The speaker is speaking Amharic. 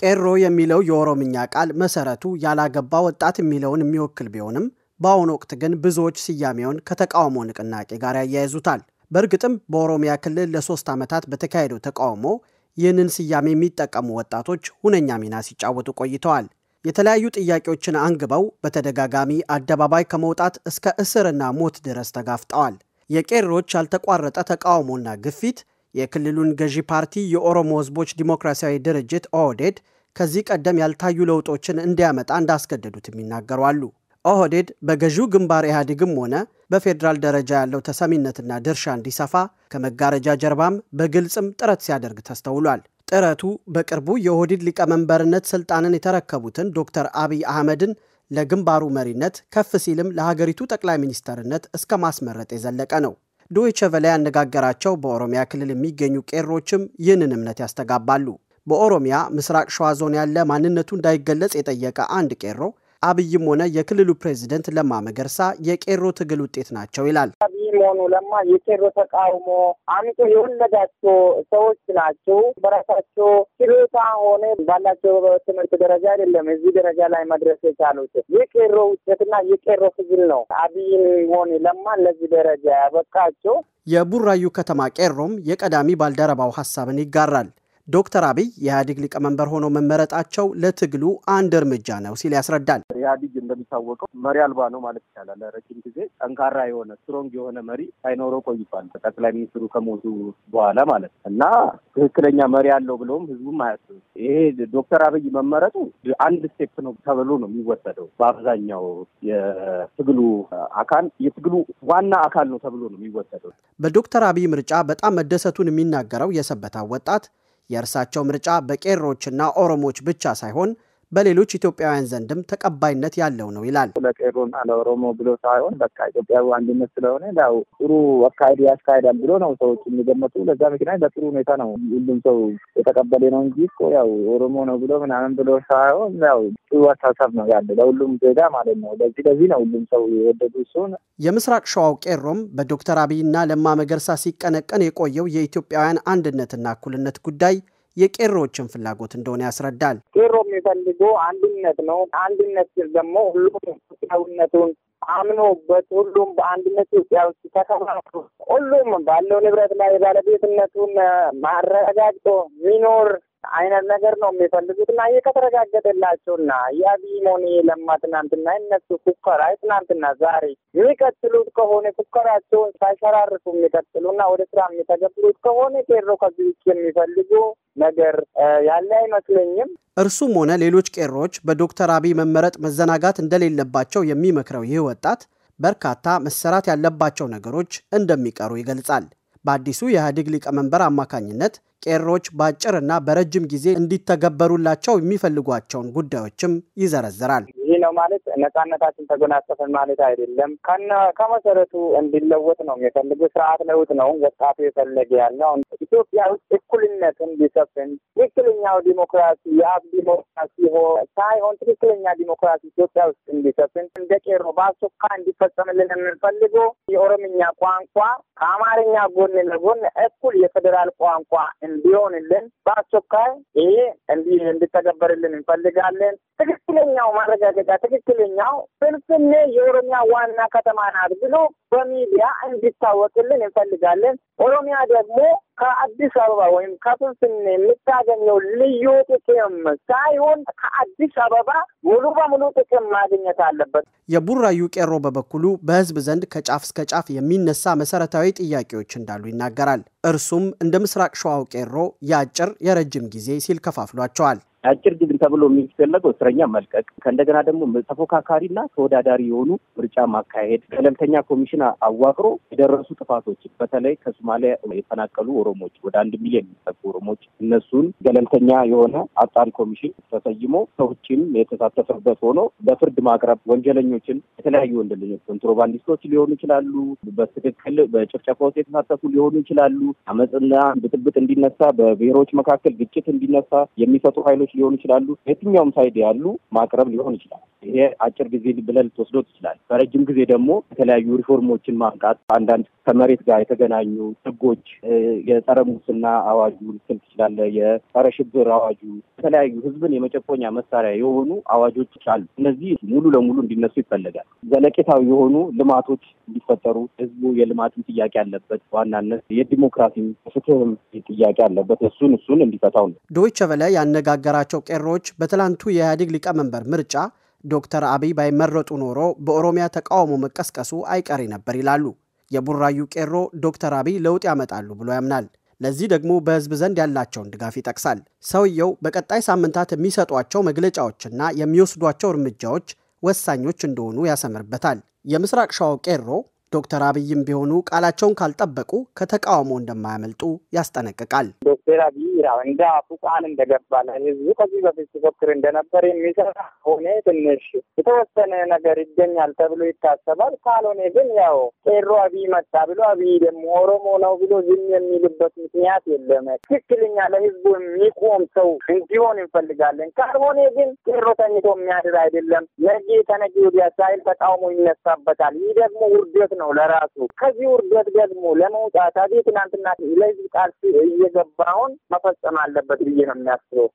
ቄሮ የሚለው የኦሮምኛ ቃል መሰረቱ ያላገባ ወጣት የሚለውን የሚወክል ቢሆንም በአሁኑ ወቅት ግን ብዙዎች ስያሜውን ከተቃውሞ ንቅናቄ ጋር ያያይዙታል። በእርግጥም በኦሮሚያ ክልል ለሶስት ዓመታት በተካሄደው ተቃውሞ ይህንን ስያሜ የሚጠቀሙ ወጣቶች ሁነኛ ሚና ሲጫወቱ ቆይተዋል። የተለያዩ ጥያቄዎችን አንግበው በተደጋጋሚ አደባባይ ከመውጣት እስከ እስርና ሞት ድረስ ተጋፍጠዋል። የቄሮች ያልተቋረጠ ተቃውሞና ግፊት የክልሉን ገዢ ፓርቲ የኦሮሞ ህዝቦች ዲሞክራሲያዊ ድርጅት ኦህዴድ ከዚህ ቀደም ያልታዩ ለውጦችን እንዲያመጣ እንዳስገደዱትም ይናገሯሉ። ኦህዴድ በገዢው ግንባር ኢህአዴግም ሆነ በፌዴራል ደረጃ ያለው ተሰሚነትና ድርሻ እንዲሰፋ ከመጋረጃ ጀርባም በግልጽም ጥረት ሲያደርግ ተስተውሏል። ጥረቱ በቅርቡ የኦህዴድ ሊቀመንበርነት ስልጣንን የተረከቡትን ዶክተር አብይ አህመድን ለግንባሩ መሪነት ከፍ ሲልም ለሀገሪቱ ጠቅላይ ሚኒስተርነት እስከ ማስመረጥ የዘለቀ ነው። ዶይቸ ቨለ ያነጋገራቸው በኦሮሚያ ክልል የሚገኙ ቄሮችም ይህንን እምነት ያስተጋባሉ። በኦሮሚያ ምስራቅ ሸዋ ዞን ያለ ማንነቱ እንዳይገለጽ የጠየቀ አንድ ቄሮ አብይም ሆነ የክልሉ ፕሬዚደንት ለማ መገርሳ የቄሮ ትግል ውጤት ናቸው ይላል። ሆኑ ለማ የቄሮ ተቃውሞ አምጦ የወለዳቸው ሰዎች ናቸው። በራሳቸው ችሎታ ሆነ ባላቸው ትምህርት ደረጃ አይደለም እዚህ ደረጃ ላይ መድረስ የቻሉት። የቄሮ ውጤትና የቄሮ ፍዝል ነው አብይን ሆነ ለማ ለዚህ ደረጃ ያበቃቸው። የቡራዩ ከተማ ቄሮም የቀዳሚ ባልደረባው ሀሳብን ይጋራል። ዶክተር አብይ የኢህአዴግ ሊቀመንበር ሆኖ መመረጣቸው ለትግሉ አንድ እርምጃ ነው ሲል ያስረዳል። ኢህአዴግ እንደሚታወቀው መሪ አልባ ነው ማለት ይቻላል። ለረጅም ጊዜ ጠንካራ የሆነ ስትሮንግ የሆነ መሪ ሳይኖረው ቆይቷል። ጠቅላይ ሚኒስትሩ ከሞቱ በኋላ ማለት እና ትክክለኛ መሪ አለው ብለውም ህዝቡም አያስብም። ይሄ ዶክተር አብይ መመረጡ አንድ ስቴፕ ነው ተብሎ ነው የሚወሰደው። በአብዛኛው የትግሉ አካል የትግሉ ዋና አካል ነው ተብሎ ነው የሚወሰደው። በዶክተር አብይ ምርጫ በጣም መደሰቱን የሚናገረው የሰበታ ወጣት የእርሳቸው ምርጫ በቄሮችና ኦሮሞዎች ብቻ ሳይሆን በሌሎች ኢትዮጵያውያን ዘንድም ተቀባይነት ያለው ነው ይላል። ለቄሮና ለኦሮሞ ብሎ ሳይሆን በቃ ኢትዮጵያ አንድነት ስለሆነ ያው ጥሩ አካሄድ ያስካሄዳል ብሎ ነው ሰዎች የሚገመቱ። ለዛ ምክንያት በጥሩ ሁኔታ ነው ሁሉም ሰው የተቀበለ ነው እንጂ እኮ ያው ኦሮሞ ነው ብሎ ምናምን ብሎ ሳይሆን ያው ጥሩ አሳሳብ ነው ያለ ለሁሉም ዜጋ ማለት ነው። ለዚህ ለዚህ ነው ሁሉም ሰው የወደዱ ሲሆን የምስራቅ ሸዋው ቄሮም በዶክተር አብይና ለማ መገርሳ ሲቀነቀን የቆየው የኢትዮጵያውያን አንድነትና እኩልነት ጉዳይ የቄሮዎችን ፍላጎት እንደሆነ ያስረዳል። ቄሮ የሚፈልጉ አንድነት ነው። አንድነት ደግሞ ሁሉም ኢትዮጵያዊነቱን አምኖበት ሁሉም በአንድነት ኢትዮጵያ ውስጥ ተከባብሮ ሁሉም ባለው ንብረት ላይ ባለቤትነቱን ማረጋግጦ ሚኖር አይነት ነገር ነው የሚፈልጉት እና እየተረጋገጠላቸው እና የአብይ ለማ ትናንትና የነሱ ፉከራ ትናንትና ዛሬ የሚቀጥሉት ከሆነ ፉከራቸውን ሳይሸራርፉ የሚቀጥሉ ወደ ስራ የሚተገብሉት ከሆነ ቄሮ ከዚህ ውጭ የሚፈልጉ ነገር ያለ አይመስለኝም። እርሱም ሆነ ሌሎች ቄሮዎች በዶክተር አብይ መመረጥ መዘናጋት እንደሌለባቸው የሚመክረው ይህ ወጣት በርካታ መሰራት ያለባቸው ነገሮች እንደሚቀሩ ይገልጻል። በአዲሱ የኢህአዴግ ሊቀመንበር አማካኝነት ቄሮች በአጭርና በረጅም ጊዜ እንዲተገበሩላቸው የሚፈልጓቸውን ጉዳዮችም ይዘረዝራል። ይህ ነው ማለት ነጻነታችን ተጎናጸፈን ማለት አይደለም። ከመሰረቱ እንዲለወጥ ነው የሚፈልግ ስርዓት ለውጥ ነው ወጣቱ የፈለገ ያለው ኢትዮጵያ ውስጥ እኩልነት እንዲሰፍን ትክክለኛው ዲሞክራሲ የአብ ዲሞክራሲ ሳይሆን ትክክለኛ ዲሞክራሲ ኢትዮጵያ ውስጥ እንዲሰፍን እንደ ቄሮ በአስቸኳይ እንዲፈጸምልን የምንፈልገው የኦሮምኛ ቋንቋ ከአማርኛ ጎን ለጎን እኩል የፌዴራል ቋንቋ እንዲሆንልን በአስቸኳይ ይሄ እንዲ እንድተገበርልን እንፈልጋለን። ትክክለኛው ማረጋገጫ ትክክለኛው ፍንፍኔ የኦሮሚያ ዋና ከተማ ናት ብሎ በሚዲያ እንዲታወቅልን እንፈልጋለን። ኦሮሚያ ደግሞ ከአዲስ አበባ ወይም ከፍንፍኔ የምታገኘው ልዩ ጥቅም ሳይሆን ከአዲስ አበባ ሙሉ በሙሉ ጥቅም ማግኘት አለበት። የቡራዩ ቄሮ በበኩሉ በህዝብ ዘንድ ከጫፍ እስከ ጫፍ የሚነሳ መሰረታዊ ጥያቄዎች እንዳሉ ይናገራል። እርሱም እንደ ምስራቅ ሸዋው ቄሮ የአጭር የረጅም ጊዜ ሲል ከፋፍሏቸዋል። አጭር ግድም ተብሎ የሚፈለገው እስረኛ መልቀቅ ከእንደገና ደግሞ ተፎካካሪና ተወዳዳሪ የሆኑ ምርጫ ማካሄድ፣ ገለልተኛ ኮሚሽን አዋቅሮ የደረሱ ጥፋቶች በተለይ ከሶማሊያ የተፈናቀሉ ኦሮሞዎች ወደ አንድ ሚሊዮን የሚጠጉ ኦሮሞዎች እነሱን ገለልተኛ የሆነ አጣሪ ኮሚሽን ተሰይሞ ሰዎችም የተሳተፈበት ሆኖ በፍርድ ማቅረብ ወንጀለኞችን የተለያዩ ወንጀለኞች ኮንትሮባንዲስቶች ሊሆኑ ይችላሉ። በትክክል በጭፍጨፋ ውስጥ የተሳተፉ ሊሆኑ ይችላሉ። አመፅና እንዲነሳ፣ በብሔሮች መካከል ግጭት እንዲነሳ የሚፈጥሩ ኃይሎች ሊሆኑ ይችላሉ። የትኛውም ሳይድ ያሉ ማቅረብ ሊሆን ይችላል። ይሄ አጭር ጊዜ ብለህ ልትወስዶ ትችላል። በረጅም ጊዜ ደግሞ የተለያዩ ሪፎርሞችን ማምጣት አንዳንድ ከመሬት ጋር የተገናኙ ህጎች፣ የጸረ ሙስና አዋጁ ልትል ትችላለህ፣ የጸረ ሽብር አዋጁ፣ የተለያዩ ህዝብን የመጨቆኛ መሳሪያ የሆኑ አዋጆች አሉ። እነዚህ ሙሉ ለሙሉ እንዲነሱ ይፈለጋል። ዘለቄታዊ የሆኑ ልማቶች እንዲፈጠሩ ህዝቡ የልማትም ጥያቄ አለበት። ዋናነት የዲሞክራሲም ፍትህም ጥያቄ አለበት። እሱን እሱን እንዲፈታው ነው። ዶይቸ ቬለ ያነጋገራቸው ቄሮች በትላንቱ የኢህአዴግ ሊቀመንበር ምርጫ ዶክተር አብይ ባይመረጡ ኖሮ በኦሮሚያ ተቃውሞ መቀስቀሱ አይቀሬ ነበር ይላሉ። የቡራዩ ቄሮ ዶክተር አብይ ለውጥ ያመጣሉ ብሎ ያምናል። ለዚህ ደግሞ በህዝብ ዘንድ ያላቸውን ድጋፍ ይጠቅሳል። ሰውየው በቀጣይ ሳምንታት የሚሰጧቸው መግለጫዎችና የሚወስዷቸው እርምጃዎች ወሳኞች እንደሆኑ ያሰምርበታል። የምስራቅ ሸዋው ቄሮ ዶክተር አብይም ቢሆኑ ቃላቸውን ካልጠበቁ ከተቃውሞ እንደማያመልጡ ያስጠነቅቃል። ዶክተር አብይ እንደ አፉ እንደገባ ለህዝቡ ከዚህ በፊት ሲፎክር እንደነበር የሚሰራ ሆነ ትንሽ የተወሰነ ነገር ይገኛል ተብሎ ይታሰባል። ካልሆነ ግን ያው ቄሮ አብይ መጣ ብሎ አብይ ደግሞ ኦሮሞ ነው ብሎ ዝም የሚልበት ምክንያት የለም። ትክክለኛ ለህዝቡ የሚቆም ሰው እንዲሆን እንፈልጋለን። ካልሆነ ግን ቄሮ ተኝቶ የሚያድር አይደለም። ነገ ተነገ ወዲያ ሳይል ተቃውሞ ይነሳበታል። ይህ ደግሞ ውርደት ነው ለራሱ። ከዚህ ውርደት ደግሞ ለመውጣት አዴ ትናንትና ለህዝብ ቃል እየገባውን መፈጸም አለበት ብዬ ነው የሚያስበው።